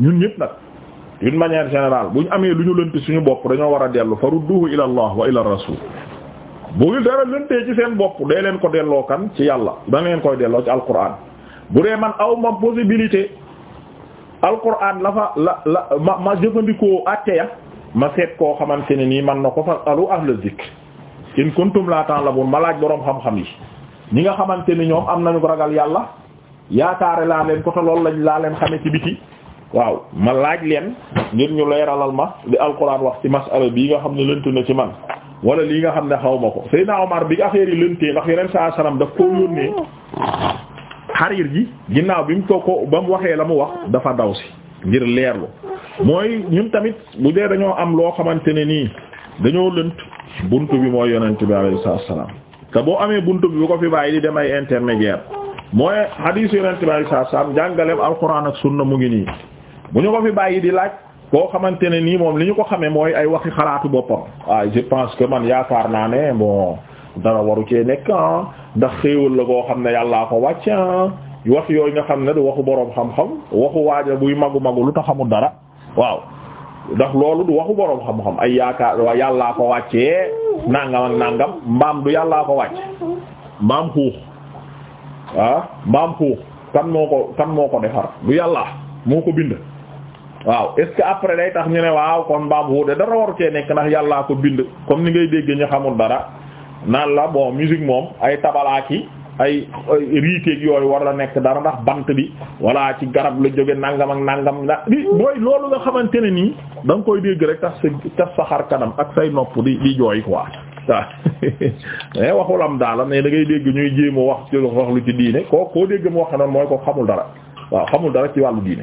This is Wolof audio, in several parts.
ñun ñëpp nag d'une manière générale bu ñu amee lu ñu lënt suñu bopp dañoo war a dellu farudduhu ila allah wa ila rasul bu ngi dara lëntee ci seen bopp dee leen ko delloo kan ci yàlla ba leen koy delloo ci alquran bu dee man aw ma possibilité alquran la fa la la ma ma jëfandikoo àtte ya ma seet koo xamante ne nii man na ko fa alu ahla zikr in kuntum la ta'lamun ma laaj boroom xam-xam yi ñi nga xamante ni ñoom am nañu ragal yàlla yaakaare laa leen ko loolu lañ laa leen xame ci waaw ma laaj leen ngir ñu leeralal ma li alquran wax ci masala bii nga xam ne lënt na ci man wala lii nga xam ne xaw ma ko Seydina Omar bi affaire yi lëntee ndax yeneen saa salaam daf koo yónnee xariir gi ginnaaw bi mu ko ba mu waxee la mu wax dafa daw si ngir leerlu mooy ñun tamit bu dee dañoo am loo xamante ne nii dañoo lënt bunt bi mooy yonent bi alayhi salaam te boo amee bunt bi bu ko fi bàyyi di dem ay intermédiaire mooy hadith yonent bi alayhi salaam jàngaleem alquran ak sunna mu ngi nii bu ñu ko fi bàyyi di laaj koo xamante ne nii moom li ñu ko xamee mooy ay waxi xalaatu boppam waaye je pense que man yaakaar naa ne bon dara waru cee nekk ah ndax xéewal la koo xam ne yàllaa ko wàcc ah wax yooyu nga xam ne du waxu boroom xam waxu waaja buy magu-magu lu tax xamul dara waaw ndax loolu waxu boroom xam ay yaakaar waa yàllaa ko wàccee nangam nangam mbaam du yàllaa ko wàcc ah, mbaam xuux kan moo ko kan moo ko defar du yàlla moo ko bind waaw est que après day tax ñu ne waaw kon mbaam wuude dara waru cee nekk ndax yàllaa ko bind comme ni ngay dégg ñu xamul dara naan la bon musique moom ay tabalaaki ay riikeeg yooyu war la nekk dara ndax bant bi walla ci garab la jóge nangam ak nangam ndax di mooy loolu nga xamante ne nii da nga koy dégg rek tax sa sa xar kanam ak say nopp di di jooy waa waaw eh, mais waxulam daala ne da ngay dégg ñuy jéem wax ci wax lu ci diine koo koo dégg mu wax noonu mooy ko xamul dara waaw xamul dara ci wàllu diine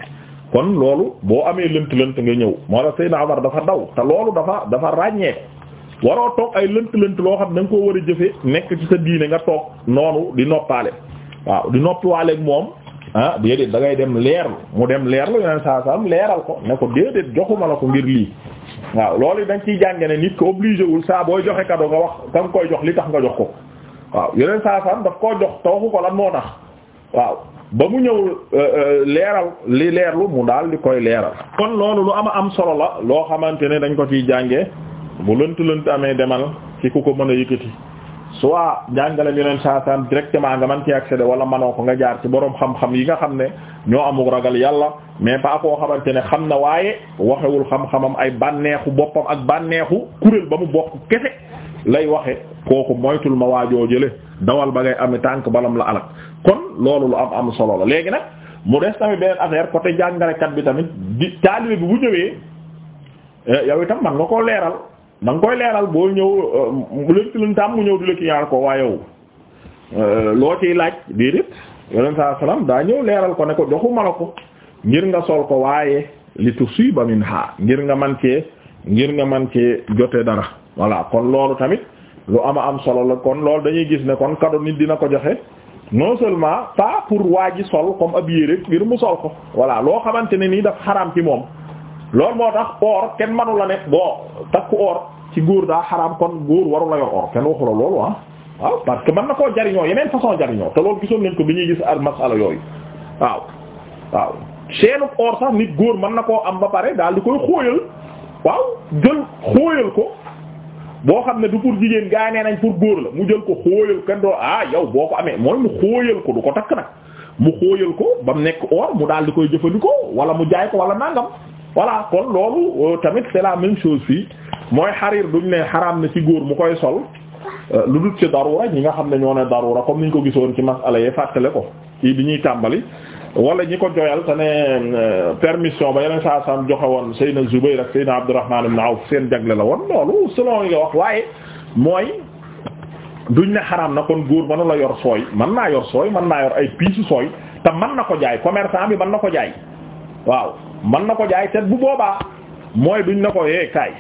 kon loolu boo amee lënt lënt nga ñëw moo la Seydina Omar dafa daw te loolu dafa dafa ràññee waroo toog ay lënt lënt loo xam da nga koo war a jëfe nekk ci sa diine nga toog noonu di noppaale waaw di noppiwaaleeg moom ah déedéet da ngay dem leerlu mu dem leerlu yeneen saa saa leeral ko ne ko déedéet joxuma la ko ngir lii waaw loolu dañ ciy jànge ne nit ko obligé wul saa booy joxe kadoo nga wax ka koy jox li tax nga jox ko waaw yeneen saa saa koo jox tawaxu ko lan moo tax waaw ba mu ñëw euh, euh, leeral li leerlu mu daal di koy leeral kon loolu lu ama am solo la loo xamante ne dañ ko ciy jàngee bu lënt lënt amee demal ki ku ko mën a yëkkati soit jàngale yeneen saa saa directement nga man ci accéder wala manoo ko nga jaar ci boroom xam-xam yi nga xam ne ñoo amul ragal yàlla mais pas koo xamante ne xam na waaye waxewul xam-xamam ay bànneexu boppam ak bànneexu kuréel ba mu bokk kese lay waxe kooku moytul ma waajoo jële dawal ba ngay amee tànk balam la alak kon loolu lu am am solo la léegi nag mu des tamit beneen affaire côté jàngalekat bi tamit di taalibe bi bu ñëwee eh, yow itam man nga koo leeral da nga koy leeral boo ñëw eh, lëkk luñ tam mu ñëw di lëkk ñaar ko waa yow eh, loo ciy laaj déedéet yonent saa salaam daa ñëw leeral ko ne ko doxu ma la ko ngir nga sol ko waaye li tusiba minha ngir nga man cee ngir nga man cee jote dara voilà kon loolu tamit. lu ama am solo la kon loolu dañuy gis ne kon kado nit dina ko joxe non seulement pas pour waa ji sol comme ab yére ngir mu sol ko voilà loo xamante ne nii daf xaram ci moom loolu moo tax or kenn manu la ne boo takku or ci góor daal xaraam kon góor waru la yor kenn waxu la loolu ah waaw parce que mën na koo jariñoo yeneen façon jariñoo te loolu gisoon nañ ko bi ñuy gis al masala yooyu waaw waaw seenu or sax nit góor mën na koo am ba pare daal di koy xóoyal waaw ko boo xam ne du pour jigéen gaa nee nañ pour góor la mu jël ko xóoyal kenn doo ah yow boo ko amee mooy mu xóoyal ko du ko takk nag mu xóoyal ko ba mu nekk or mu daal di koy jëfandikoo wala mu jaay ko wala nangam voilà kon loolu euh, tamit c'est la même fii mooy xarir duñ ne xaraam na ci góor mu koy sol euh, lu dut ci darura ñi nga xam ne ñoo ne darura comme ñu ko gisoon ci masala yee fàttale ko kii bi ñuy tàmbali wala ñi ko joyal te ne euh, permission ba yeneen saa sam joxe woon Seydina Zubayr ak Seydina Abdurrahman ibn Awf seen jagle la woon loolu selon li nga wax waaye mooy duñ ne xaraam na kon góor mënu la yor sooy man naa yor sooy mën naa yor ay piisu sooy te mën na ko jaay commerçant bi mën na ko jaay waaw mën na ko jaay te bu boobaa mooy duñ na ko yee eh, kaay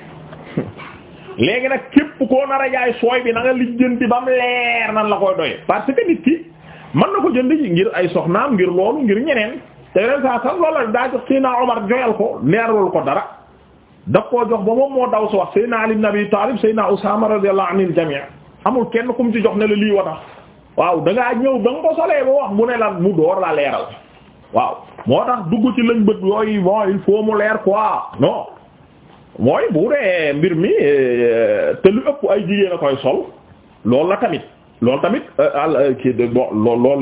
léegi nag képp koo nar a jaay sooy bi na nga lijjanti ba mu leer nan la koy doyee parce que nit ki man na ko jënd ngir ay soxnaam ngir loolu ngir ñeneen te yeneen saa sax loolu daa jox Seydina Omar joyal ko leerul ko dara daf koo jox ba moom moo daw si wax Seydina Ali ibn Abi Talib Seydina Usama radiyallahu anil jami' amul kenn kum ci jox ne la lii wa tax waaw da ñëw da ko solee ba wax mu ne la mu door la leeral waaw moo tax dugg ci lañ bët yooyu bon il faut mu leer quoi non mooy bu dee mbir mi euh, te lu ëpp ay jigéen a sol loolu tamit euh, al euh, kii de bon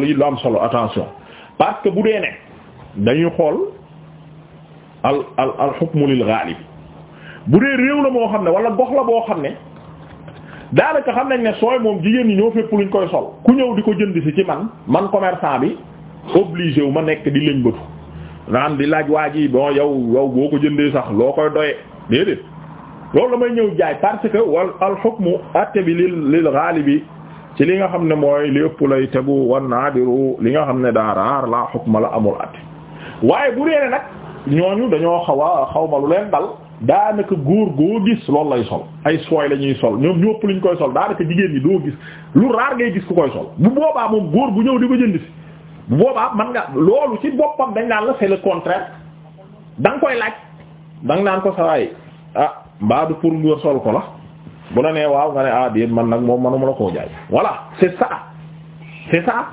yi lu am solo attention parce que bu dee ne dañuy xool al al al hukmu lil ghalib bu dee réew la moo xam ne wala gox la boo xam ne daanaka xam nañ ne sooy moom jigéen ñi ñoo fépp luñ koy sol ku ñëw di ko jënd ci man man commerçant bi obligé wu ma nekk di lëñ bëtu naan di laaj waa ji bon yow yow boo ko jëndee sax loo koy doyee déedéet loolu damay may ñëw jaay parce que wal al hukmu atte bi lil lil ghalibi ci li nga xam ne mooy li ëpp lay tegu wan naadiru li nga xam ne daa raar laa ma la amul at waaye bu dee nag ñooñu dañoo xaw a xaw ma lu leen dal daanaka góor goo gis loolu lay sol ay sooy la ñuy sol ñoom ñëpp luñ koy sol daanaka jigéen ñi doo gis lu raar ngay gis ku koy sol bu boobaa moom góor bu ñëw di ko jënd si bu boobaa man nga loolu ci boppam dañ daan la c'est le contraire da nga koy laaj da naan ko sawaay ah mbaa du pour nga sol ko la. bu la nee waaw nga ne ah déet man nag moom manuma la koo jaay voilà c'est ça c'est ça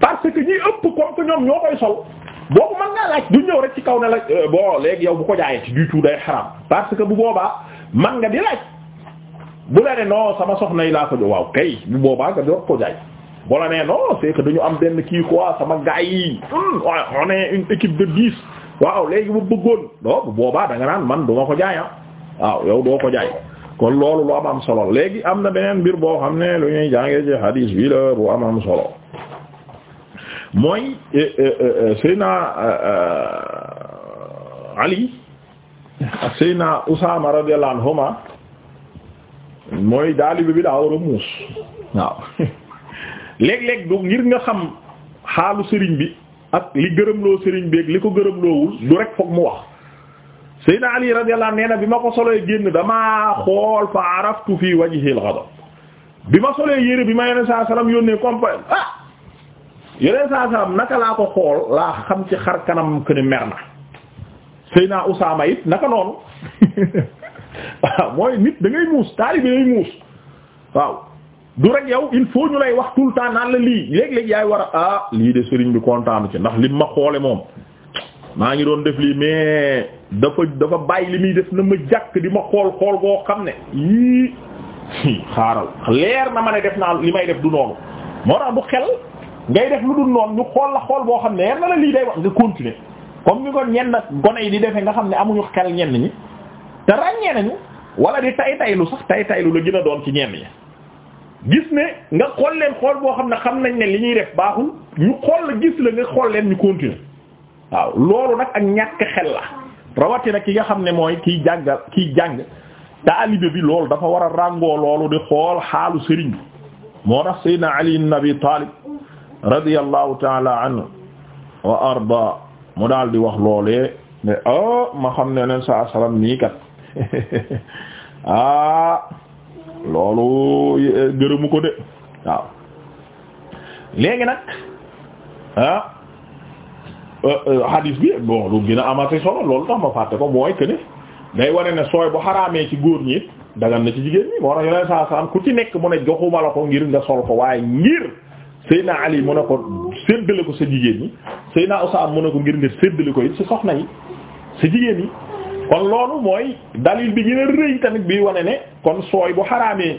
parce que ñi du ñëw rek ci kaw ne la euh, bon léegi yow bu ko jaayee ci du tout day parce que bu boobaa man nga di laaj bu sama soxna yi laa ko jox waaw kay boobaa nga doog ko jaay bu dañu am benn kii quoi sama gars yi hmm, waaw léegi bu bëggoon non bu boobaa da naan man du ma ko jaay ah waaw yow doo ko jaay. kon loolu lu am am solo léegi am na beneen mbir boo xam ne lu ñuy jàngee ci hadis bi la bu am am solo mooy eh, eh, eh, Seyna Ali Seyna Usaama radiyallahu anhuma mooy daalibi bi daa war a muus waaw léeg-léeg du ngir nga xam xaalu sëriñ bi ak li gërëmloo sëriñ bi ak li ko gërëmloowul du rek foog mu wax Seydina Ali radiyallahu anhu nee na bi ma ko solee génn damaa xool fa araftu fii wajhil ghadab bi ma solee yére bi ma yeneen saa salaam yónnee compagnie ah yeneen saa salaam naka laa ko xool laa xam ci xar kanam que ne mer na Seydina Usaama it naka noonu waaw mooy nit da ngay muus taali bi day muus waaw du rek yow il faut ñu lay wax tout le temps naan la lii léeg-léeg yaay war a ah, lii de sëriñ bi kontaanu ci ndax li ma xoole moom. maa ngi doon def lii mais dafa dafa bàyyi li muy def na ma jàkk di ma xool xool boo xam ne yii xaaral leer na ma ne def naa li may def du noonu moo tax bu xel ngay def lu dul noonu ñu xool la xool boo xam ne leer na la lii day wax nga continuer comme ni ko ñenn gone yi di defee nga xam ne amuñu xel ñenn ñi te ràññee nañu wala di tay taylu sax tay taylu la gën a doon ci ñenn ñi gis ne nga xool leen xool boo xam ne xam nañ ne li ñuy def baaxul ñu xool la gis la nga xool leen ñu continuer waaw loolu nag ak ñàkk xel rawatina ki nga xam ne mooy kiy jàngal ki jàng taalibe bi lool dafa war a ràngoo loolu di xool xaalu sëriñ bi moo tax Seydina Ali ibn Abi Talib taala anhu wa arda mu daal di wax loolee ne ah ma xam ne leen saa salaam nii kat ah loolu gërëmu ko de waaw léegi nag ah. Euh, euh, hadis bi bon lu gën a amati solo loolu tax ma fàtte ko mooy que ne day wane ne sooy bu xaraamee ci góor ñi dagan na ci jigéen ñi moo tax yeneen saa ku ci nekk mu ne joxuma la ko ngir nga sol ko waaye ngir Seydina Ali mu ne ko séddale ko sa jigéen ñi Seydina Usaama mu ne ko ngir nga séddale ko it si soxna yi si jigéen yi. kon loolu mooy dalil bi gën rëy tamit bi wane ne kon sooy bu xaraamee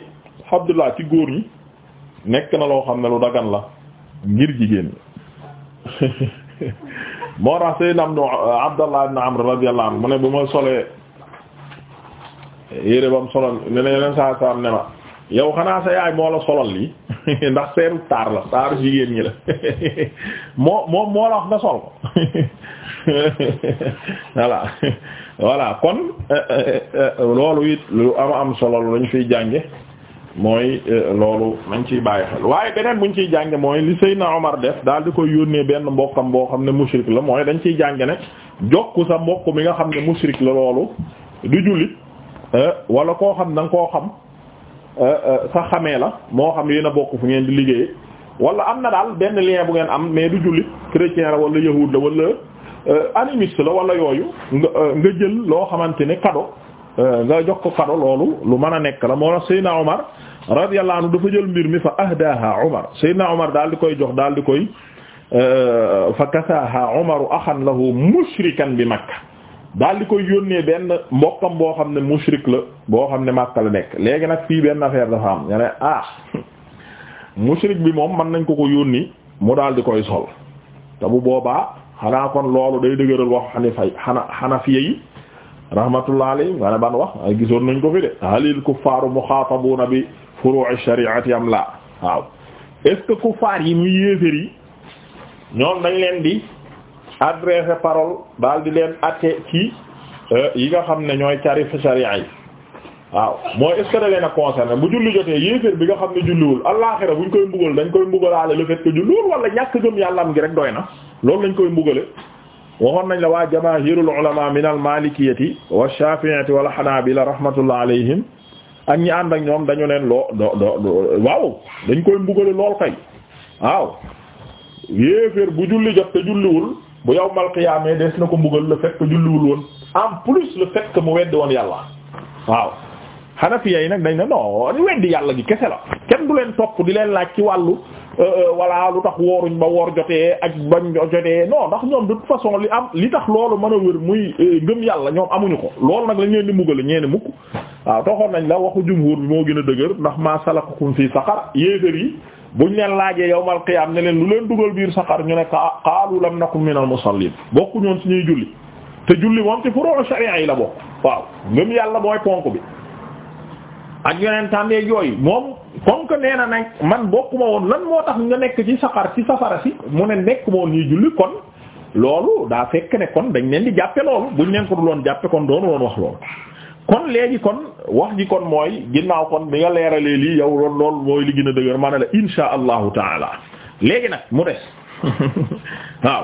Abdullah ci góor ñi nekk na loo xam ne lu dagan la ngir jigéen moo tax Seydina Abdallah ibn Amr radiyallahu anhu ne bu ma solee yére bam solal ne saa saa ne yow xanaa sa yaay moo la solal lii ndax seenu taar la taaru jigéen ñi la moo moom moo la wax nga sol ko voilà voilà kon euh, euh, euh, loolu it lu am am solo lañu fiy jànge mooy euh, loolu nañ ciy bàyyi xel waaye beneen ñu ciy jànge mooy li Seydina Omar def daal di koy yónnee benn mbokkam boo xam ne mushrik la mooy dañu ciy jànge ne jokku sa mbokk mi nga xam ne mushrik la loolu du jullit euh, wala koo xam da nga koo xam euh, sa xamee la moo xam yéen a bokk fu ngeen di liggéeyee wala am na daal benn lien bu ngeen am mais du jullit chrétien la wala yahuud la wala animiste la wala yooyu nga nga jël loo xamante ni cadeau Euh, nga jox ko kado loolu lu mën a nekk la moo tax Seydina Omar radiyallahu anhu dafa jël mbir mi fa ahdaha Omar Seydina Omar daal di koy jox daal di koy euh, fa kasaha Omaru axan lahu mushrikan bi Makka daal di koy yónnee benn mbokkam boo xam ne mushrik la boo xam ne Makka la nekk léegi nag fii benn affaire dafa am nga ne ah bi moom mën nañ ko ko yónni mu daal di koy sol te bu boobaa xanaa kon loolu day dëgëral wax xani fay yi rahmatullah alayhi nga ne ban wax ay gisoon nañ ko fi de halil kuffaaru muxaatabuna bi furu'i shari'ati am la waaw est kuffaar yi muy yéefér yi ñoom dañ leen di adressé parole daal di leen atte ci euh, yi nga xam ne ñooy carifi sharia yi waaw mooy est-ce da leen a concerné bu julli jotee yéeféer bi nga xam ne julliwul allaaxira buñ koy mbugal dañ koy mbugalaale le fait que julliwul wala ñàkk gëm yàlla am gi rek doy na loolu lañ koy mbugale waxoon nañ la waa jamaahirul ulama min al malikiyati wa shafi'ati wal hanabila rahmatullah alayhim ak ñi ak ñoom dañu neen loo do do waaw dañ koy mbugale lool kay waaw yéeféer bu julli jot te julliwul bu yawmal qiyaamee des na ko mbugal le fait que julliwul woon en plus le fait mu weddi woon yàlla waaw hanafiya yi nag dañ ne non weddi yàlla gi kese la kenn du leen topp di leen laaj ci wàllu Euh, euh, voilà lu tax wooruñ ba woor jotee ak bañ jotee no ndax ñoom de toute façon li am li tax loolu mën a wér muy euh, gëm yàlla ñoom amuñu ko lool nag lañ leen di mugale ñeeni mukk waaw toxoon nañ la waxu jumhur bi moo gën a dëgër ndax maa salakakum fii saqar yéefér yi buñ leen laajee yawmal qiyaam ne leen lu leen dugal biir sa saqar ñu ne qaalu lam nakum minal musallin bokku ñoon suñuy julli te julli moom ci furu sharia yi la bokk waaw ngëm yàlla mooy ponk bi ak yonentam yeeg yooyu moom comme nee na nag man bokk bokkuma woon lan moo tax nga nekk ci safar ci safara si mu ne nekk moo ñuy julli kon loolu daa fekk ne kon dañ leen di jàppe loolu buñ leen ko loon jàppe kon doonu loon wax loolu kon léegi kon wax ji kon mooy ginnaaw kon bi nga leeralee lii yow lool loolu mooy li gën a dëgër ma ne la insha allahu taala léegi nag mu des waaw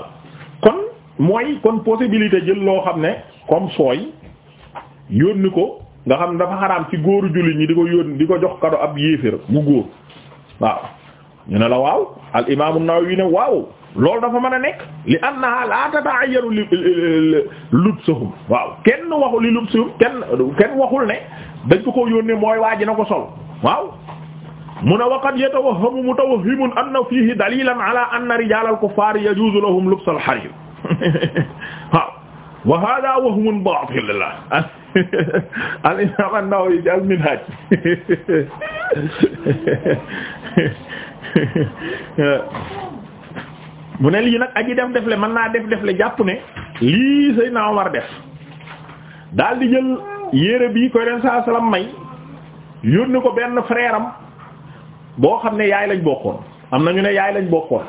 kon mooy kon possibilité jël loo xam ne comme sooy yónni ko nga xam ne dafa xaraam ci góoru jullit ñi di ko yónni di ko jox kado ab yéefér bu góor waaw ñu ne la waaw al imaamu Nawawi ne waaw loolu dafa mën a nekk li annaha la tata'ayyaru lubsuhum waaw kenn waxu li lubsuhum kenn kenn waxul ne dañ ko ko yónnee mooy waa ji na ko sol waaw mu ne waqad yatawahhamu mutawahhimun anna fihi dalilan ala anna rijal al kuffar yajuzu lahum lubs al harir waaw wa hada wahmun batil la al imam an-Nawawi al minhaj mu ne lii nag aji def defle mën naa def defle jàpp ne lii Seydina Omar def daal di jël yére bii koy ren saa salaam may yónni ko benn frère boo xam ne yaay lañ bokkoon am na ñu ne yaay lañ bokkoon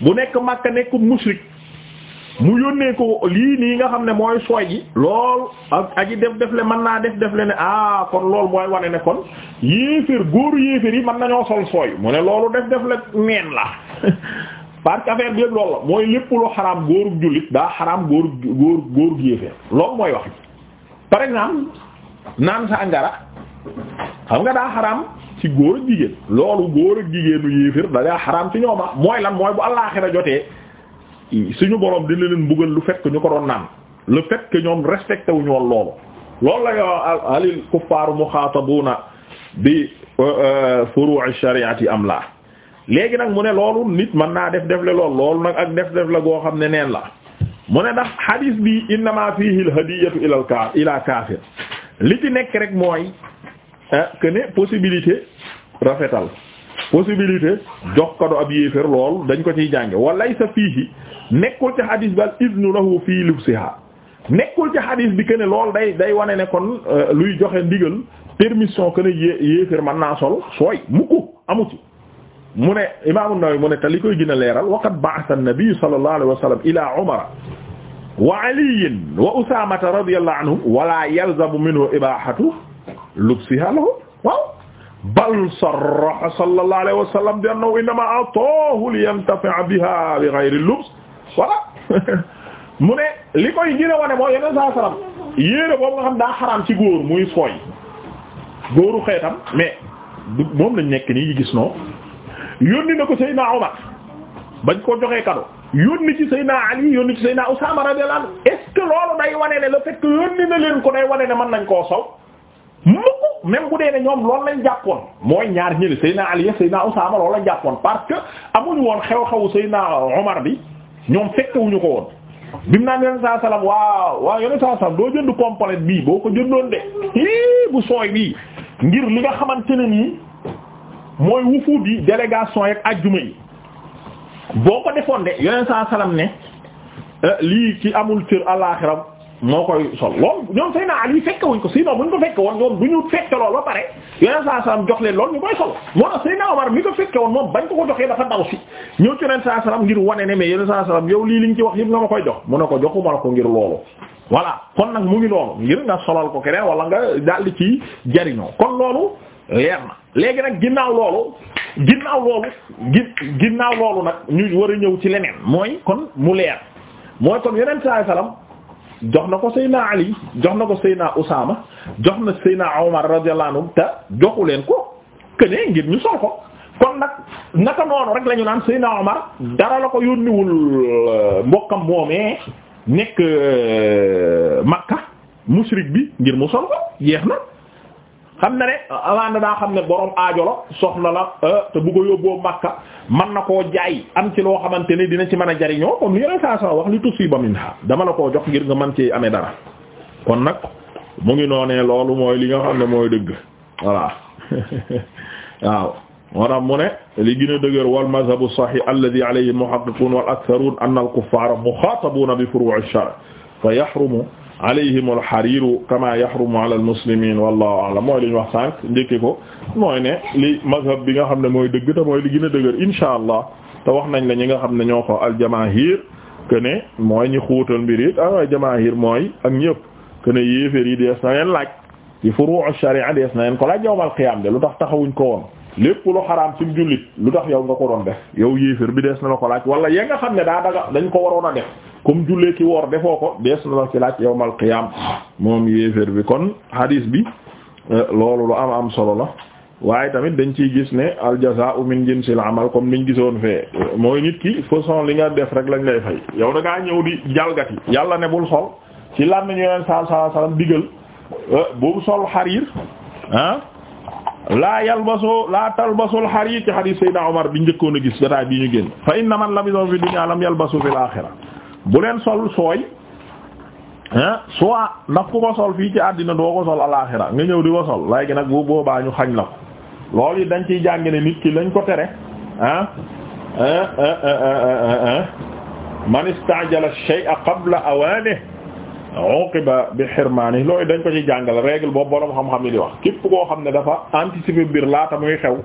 bu nekk Makka nekk mushrik mu yónnee ko lii nii nga xam ne mooy sooy ji lool ak aji def def le mën naa def def le ne ah kon lool mooy wane ne kon yéeféer góoru yéeféer yi man nañoo sol sooy mu ne loolu def def le neen la parce que affaire bi yëpp loolu la mooy lépp lu xaraam góorub jullit daa xaraam góorub góor góorub yéeféer loolu mooy wax par exemple naan sa angara xam nga daa xaraam ci góor ak jigéen loolu góor ak jigéenu yéeféer da daa xaraam ci ñooma mooy lan mooy bu àllaaxira jotee suñu borom dina leen buggal lu fekk ñu ko doon naan le fait que ñoom respecté wuñu la loolu loolu la yo alil kuffaaru na bi euh, euh, furu'i shari'ati am la léegi nag mu ne loolu nit mën naa def def le loolu loolu nag ak def def la goo xam ne neen la mu ne ndax hadis bi innama fihi al hadiyatu ila ka ila kaafir li ci nekk rek mooy euh, que ne possibilité rafetal possibilité jox ab yéefér lool dañ ko ciy jànge walay sa fiihi nekkul ci hadis bi al iznu lahu lubsiha nekkul ci hadis bi que ne lool day day wane ne kon euh, luy joxe ndigal permission que yéefér mën naa sol sooy mukku amu mu ne imaamu Nawawi mu ne te li koy gën a leeral waqad ba'atha an-nabi sallallahu alayhi wa sallam ila umara wa aliyin wa usaamata radiyallahu anhum wala yalzamu minhu ibahatu lubsiha lahu bal sarraha sallallahu alayhi wa sallam bi annahu innama ataahu li yantafi'a biha bi ghayri lubs voilà mu ne li koy gën a wane mooy yeneen saa salam yéere boobu nga xam daa xaraam ci góor muy fooy góoru xeetam mais moom lañ nekk nii gis noo yónni na ko Seydina Omar bañ ko joxee cadeau yónni ci Seydina Ali yónni ci Seydina Usaama radiyallahu anhu est-ce que loolu day wane ne le fait que na leen ko day wane ne mën nañ koo sow mukk même bu dee ne ñoom loolu lañ jàppoon mooy ñaar ñëli Seydina Ali Seydina Usaama loolu lañ jàkkoon parce que amuñu woon xew-xewu Seydina Omar bi ñoom fekkewuñu ko woon bi mu naan yonent saa salaam waa waa yonent saa salaam doo jënd complet bii boo ko jëndoon de hii sooy bii ngir li nga xamante ne nii mooy wufuut yi délégation yeeg ajjuma yi boo ko defoon de yonent saa salaam ne eh, lii ci amul cër àllaaxira moo koy sol lool ñoom Seydina Ali fekke wuñ ko sinon buñ ko fekke woon ñoom du ñu fekke lool ba pare yoneen saa jox leen lool ñu koy sol moo tax Seydina Omar mi ko fekke woon moom bañ ko ko joxee dafa daw si ñëw ci yoneen saa ngir wane ne mais yoneen saa salaam yow lii liñ ci wax yëpp nga ma koy jox mu ne ko joxuma la ko ngir loolu voilà kon nag mu ngi loolu ngir nga solal ko keneen wala nga daldi ci jariñoo kon loolu leer na léegi nag ginnaaw loolu ginnaaw loolu gi ginnaaw loolu nag ñu war a ñëw ci leneen mooy kon mu leer mooy kon yoneen saa jox na ko Seyna Ali jox na ko Seyna Usaama jox na Seyna Omar radiyallahu anhu te joxu leen ko kënee ngir ñu sol ko kon nag naka noonu rek la ñu naan Seyna Omar dara la ko yónniwul euh, mbokkam moomee nekk euh, Makka mushrik bi ngir mu sol ko jeex na xam na ne alaana daa xam ne borom aajo la soxna la euh, te bu ko yóbboo makka man na koo jaay am ci loo xamante ne dina ci mën a jariñoo kon lu yeneen saa saa wax li tusiba minha dama la koo jox ngir nga mën ci amee dara kon nag mu ngi noonee loolu mooy li nga xam ne mooy dëgg voilà waaw moo tax mu ne li gën a dëgër wal mazhabu sahih alladhi alayhi muhaqqiqun wal aktharun anna al kuffara mukhatabuna bi furu' ash-shar fa yahrumu alayhim alxariru kama yahrumu ala almuslimin wallahu a'lam mooy li wax sànq njëkke ko mooy ne li mazhab bi nga xam ne mooy dëgg te mooy li gën a dëgër allah te wax nañ la ñi nga xam ne ñoo ko al que ne mooy ñi xuutal mbir it ah jamaahir mooy ak ñëpp que ne yéeféer yi dees na leen laaj ci furu' sharia dees na leen ko laaj yawmal qiyaam de lu tax taxawuñ ko woon lépp lu xaraam ci jullit lu tax yow nga ko doon def yow yéeféer bi dees na la ko laaj wala ya xam ne daa daga ko waroon a comme jullee ki woor defoo ko dees na la ci laaj yawmal qiyaam moom yéeféer bi kon hadis bi euh, loolu lu am am solo la waaye tamit dañ ciy gis ne al jazaa'u min jinsil amal comme niñ gisoon fee euh, mooy nit ki façon li nga def rek lañ lay fay yow dangaa ñëw di jalgati yàlla ne bul sol ci lan nañu yeneen sal sala digal boobu euh, sol xariir ah laa yalbaso laa talbasul xariir ci xadiis Seydina Omar bi njëkkoon a gis jotaay bi ñu génn fa inna man labisa fi dunya lam yalbasu fil axira bu leen sol sooy ah soit ndax ku ko sol fii ci àddina doo ko sol alaaxira nga ñëw di ko sol léegi nag bu boobaa ñu xañ la ko loolu yi dañ ciy jàng ni nit ki lañ ko tere ah man istaajala shay'a qabla awaanihi uqiba bi xirmaani loolu dañ ko ci jàngal règle boobu borom xam-xam yi di wax képp koo xam ne dafa anticiper mbir laata muy xew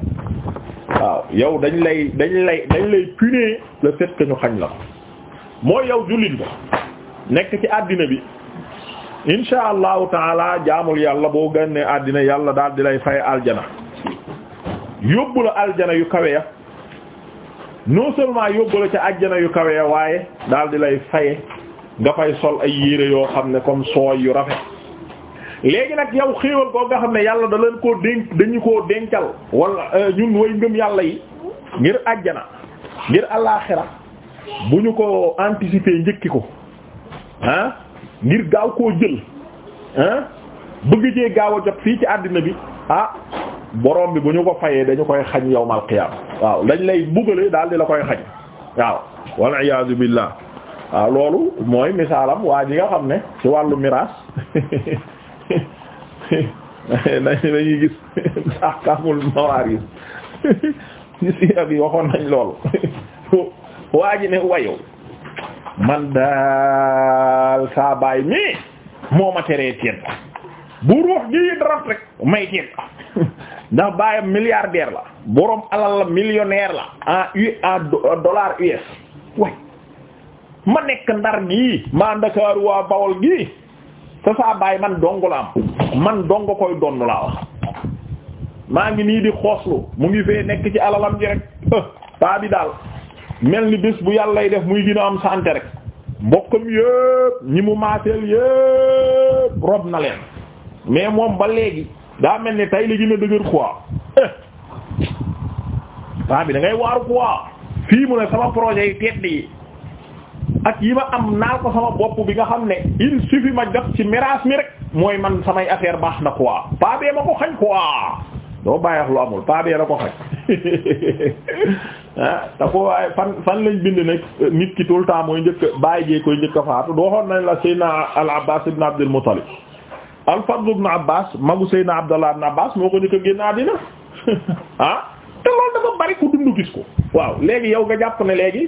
waaw yow dañ lay dañ lay dañ la punir le ñu xañ la ko mooy yow jullit nga nekk ci àddina bi insha allahu taala jaamul yàlla boo génnee àddina yàlla daal di lay fay aljana yóbbu la aljana yu kawe ya non seulement yóbbu la ca aljana yu kawe ya waaye daal di lay faye nga fay sol ay yére yoo xam ne comme sooy yu rafet léegi nag yow xéewal boo nga xam ne yàlla da leen koo dénk dañu ko dencal wala euh, ñun way ngëm yàlla yi ngir àjjana ngir alaaxira bu ñu ko anticiper njëkki ko ah ngir gaaw koo jël ah bëgg jee gaaw a jot fii ci àddina bi ah borom bi bu ñu ko fayee dañu koy xañ yawmal qiyaam waaw lañ lay bugale daal di la koy xañ waaw wal iyaazu billaah waaw loolu mooy misaalam waa ji nga xam ne ci wàllu miraas dañuy gis ahkaamul mawaris ñu si ak yi waxoon nañ loolu waa ji ne man daal saa baay mi moo ma teree teen bu ruux gi drat rek may teen ndax baayam milliardaire la borom alal la millionnaire la en u en dollar US way ma nekk ndar gii ma ndakaaru waa bawol gii sa saa baay man dong la am man dong koy donn laa wax maa ngi nii di xooslu mu ngi fee nekk ci alalam ji rek paa bi daal mel ni bés bu yàllay def muy gën a am santé rek mbokkam yëpp ñi mu maaseel yëpp rob na leen mais moom ba léegi daa mel ni tey li gën a dëgër quoi eh. paa bi dangay ngay waaru quoi fii mu ne sama projet yi tedd yi ak yi ma am naa ko sama bopp bi nga xam ne il ma jot ci miraas mi rek mooy man samay affaire baax na quoi paa bee ma ko xañ quoi doo bàyyi lu amul paa bee la ko xaj ah te waaye fan fan lañ bind nag eh, nit ki tout le temps mooy njëkk bàyyi jee koy njëkk a faatu waxoon nañ la Seydina al Abbas ibn Abdul Muttalib al Fadl ibn Abbas magu Seydina Abdallah ibn Abbas moo ko njëkk a génn àddina ah te loolu dafa bari ku dund gis ko waaw léegi yow nga jàpp ne léegi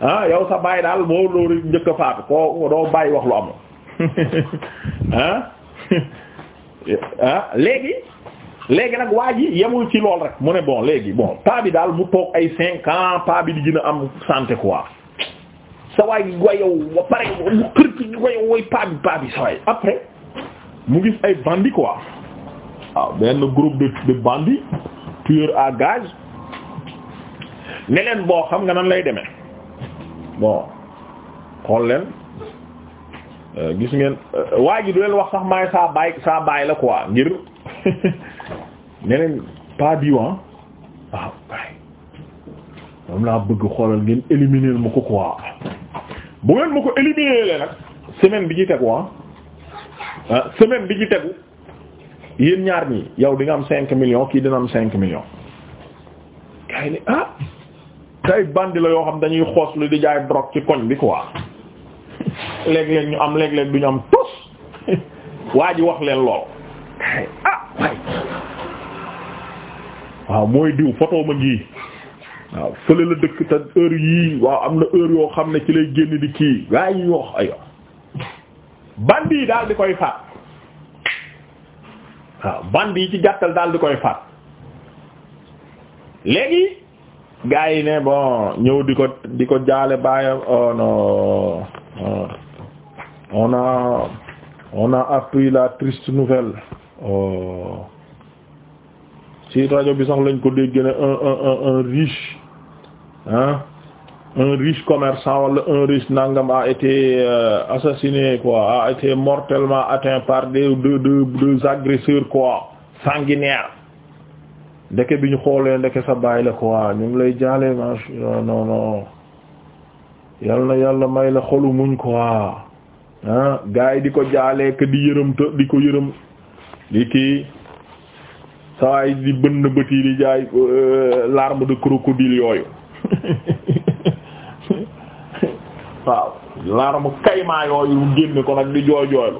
ah yow sa bàyyi daal moo loolu njëkk a faatu koo doo bàyyi wax lu amul ah, ah léegi. léegi nag waa ji yemul ci lool rek mu ne bon léegi bon paa bi daal mu toog ay cinq ans paa bi di gën am santé quoi sa waay wayow ba pare mu xër ci wayow way paa bi paa bi sa waay après mu gis ay bandits quoi waaw benn groupe de de bandits tueurs à gage ne leen boo xam nga nan lay demee bon xool leen euh, gis ngeen euh, waa ji du leen wax sax maay saa baay saa baay la quoi ngir neneen pas diwan ah, waaw kay moom laa bëgg xoolal ngeen éliminer ma ko quoi bu ngeen ma ko éliminer nag semaine bi ci tegu ah semaine bi ci tegu yéen ñaar ñi yow di nga am cinq millions kii dina am cinq millions kay ni ah kay bandi la yoo xam dañuy xoos lu di jaay drogue ci koñ bi quoi léeg-léeg ñu am léeg-léeg du ñu am tos waa ji wax leen lool waaw mooy diw photo ma ngi waaw fële la dëkk te heure yii waaw am na heure yoo xam ne ci lay génn di kii gaa yi wax ayo bandi yi daal di koy faat waaw bandi yi ci gàttal daal di koy faat léegi gaa yi ne bon ñëw di ko di ko jaale baayam oh non oh, on a on triste nouvelle oh. ci rajo bi sax lañ ko dégg ne un un un riche ah riche commerçant wala un riche nangam a été euh, assassiné quoi a été mortellement atteint par des deux deux deux agresseurs ndeke bi ñu xoolee ndeke sa baay la quoi ñu ngi lay jaalee ma yal na yàlla may la xolu muñ quoi ah di ko jaalee que di yërëm di ko yërëm di kii. sawaay di bënn bët yi di jaay euh, larme de crocodile yooyu waaw larme kaymaa yooyu lu génn ko nag di jooy jooylu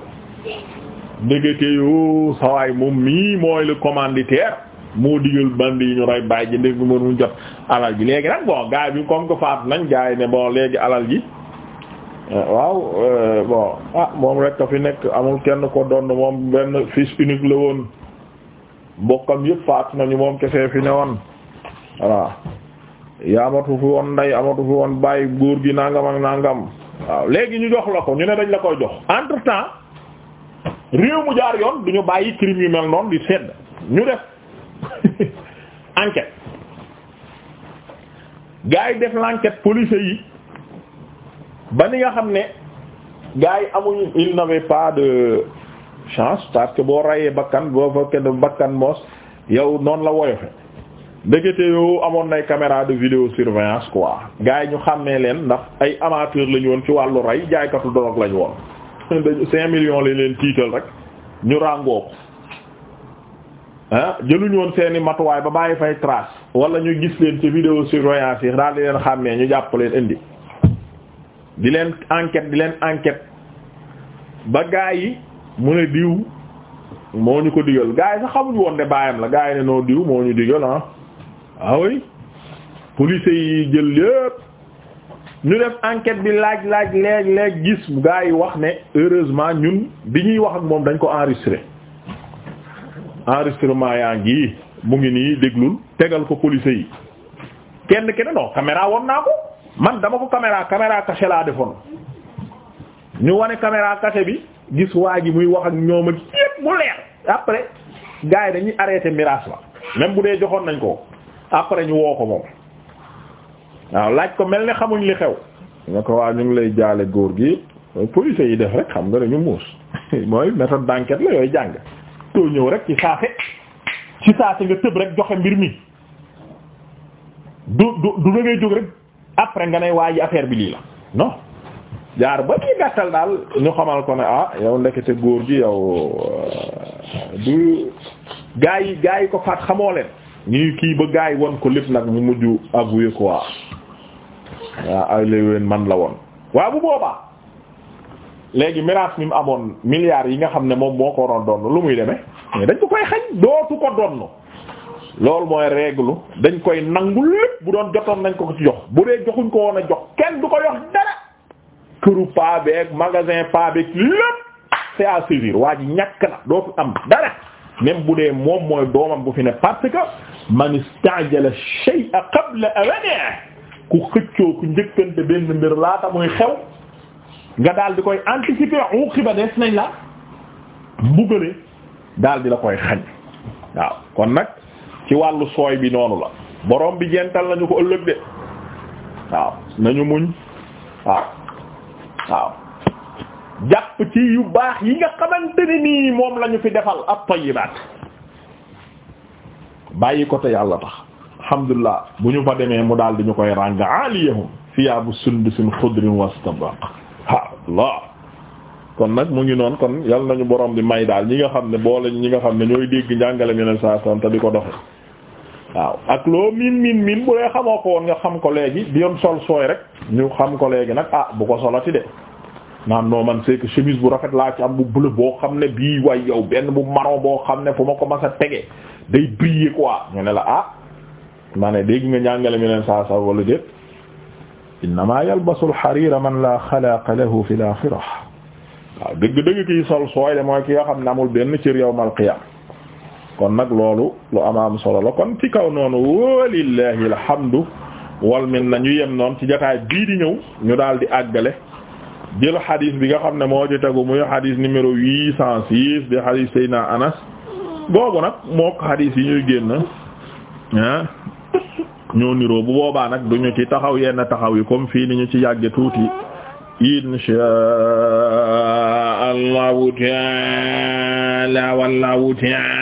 ndéggatee yoo oh, sawaay moom mii mooy le commanditaire moo digal bandi yi ñu rey bàyyi ji ndég mën jot alal ji léegi nag bon gars bi comme que faat nañ gars yi ne bon léegi alal ji euh, waaw euh, bon ah moom rek a fi nekk amul kenn ko doon moom benn fils unique la woon mbokkam yëpp faatu nañu moom kese fi ne woon voilà yaa amatu fi woon nday amatu fi woon bàyyi góor gi nangam ak nangam waaw léegi ñu jox la ko ñu ne dañ la koy jox entre temps réew mu jaar yoon du ñu bàyyi crime yu mel noonu di sedd ñu def enquête gaa yi def l'enquête police yi ba ni nga xam ne gars yi amuñu il n'avait pas de chance parce que boo rayee bakkan boo fekkee ne bakkan moos yow noonu la woyofe ndekete yoo amoon nay caméra de vidéo surveillance quoi gars yi ñu xàmmee leen ndax ay amateur la woon ci wàllu rey jaaykatu drogue la ñu woon dañu cinq millions lañ leen tiital rek ñu ràngoo ko ah jëluñu woon seeni matuwaay ba bàyyi fay trace wala ñu gis leen ci vidéo surveillance yi daal di leen xàmmee ñu jàpp leen indi di leen enquête di leen enquête ba gars yi mu ne diw moo ñu ko digal gaa yi sax xamuñu woon de baayam la gaa yi ne noo diw moo ñu digal ah away ah police yi jël lépp ñu def enquête bi laaj laaj leeg leeg gis gaa yi wax ne heureusement ñun bi ñuy wax ak moom dañ ko enregistré enregistrement yaa ngi mu ngi nii déglul tegal ko police yi kenn kenn non caméra woon naa ko man dama ko caméra caméra cachée laa defoon ñu wane caméra cachée bi gis waa gi muy wax ak ñoom ak yépp mu leer après gars dañuy arrêté miraas la même bu dee joxoon nañ ko après ñu woo ko moom waaw laaj ko mel ni xamuñ li xew nga ko waa ñu ngi lay jaale góor gi police yi def rek xam nga ñu muus mooy méthode d'enquête la yooyu jàng too ñëw rek ci saase ci saase nga tëb rek joxe mbir mi du du du da ngay jóg rek après nga ne waa ji affaire bi lii la non jaar ba muy gàttal daal ñu xamal ko ne ah yow ndekete góor gi yow euh, du gaa yi gaa yi ko faat xamoo leen ñuy kii ba gaa yi won ko lépp nag mu mujj avoué quoi ah. waa ay léwén man la woon waa bu boobaa léegi miraas mi mu amoon milliards yi nga xam ne moom moo ko waroon donn lu muy demee mais dañ ko koy xañ dootu ko donn loolu mooy reglu dañ koy nangu lépp bu doon jotoon nañ ko ko ci jox bu dee joxuñ ko woon a jox kenn du ko jox dara këru paa magasin paa beeg lépp c'est à waa ji ñàkk na doo fi am dara même bu dee moom mooy doomam bu fi ne parce que man istajala la qabla awanihi ku xëccoo ku njëkkante benn mbir laata muy xew nga daal di koy anticiper uqiba des nañ la mbugale daal di la koy xañ waaw kon nag ci wàllu sooy bi noonu la borom bi jental nañu ko ëllëg de waaw nañu muñ waaw waaw jàpp ci yu baax yi nga xamante nii moom lañu ñu fi defal at-tayyibaat bàyyi ko te yàlla tax alhamdulilah bu ñu fa demee mu daal di ñu koy ràng aliyahum thiyaabu sundusin xudrin wastabaq Allah kon nag mu ngi noonu kon yal nañu borom bi may daal ñi nga xam ne boole ñi nga xam ne ñooy dégg njàngale ñu ne saa sonn di ko doxe waaw ak loo miin miin miin bu dee xamoo ko woon nga xam ko léegi di yoon sol sooy rek ñu xam ko léegi nag ah bu ko solati de naan noo man c'est que chemise bu rafet laa ci am bu bleu boo xam ne bii way yow benn bu marron boo xam ne fu ma ko mas a tege day briller quoi ñu ne la ah maa dégg nga njàngale mi leen saa saa wala déet innama yalbasu alxarira man la xalaqa lahu fi l axira waaw dëgg dëgg kii sol sooy de mooy ki nga xam ne amul benn cër yawmal qiyaama kon nag loolu lu amaam solo la kon ci kaw noonu walillahi alhamdu wal minna ñu yem noonu ci jotaay bii di ñëw ñu daal di àggale jël xadis bi nga xam ne moo ci tegu muy xadis numéro huit cent six di xadis Seydina Anas boobu nag mook xadis yi ñuy génn ah ñoo niroo bu boobaa nag duñu ci taxaw yenn taxaw yi comme fii ni ñu ci yàgge tuuti inshaa Allahu taala wallahu taala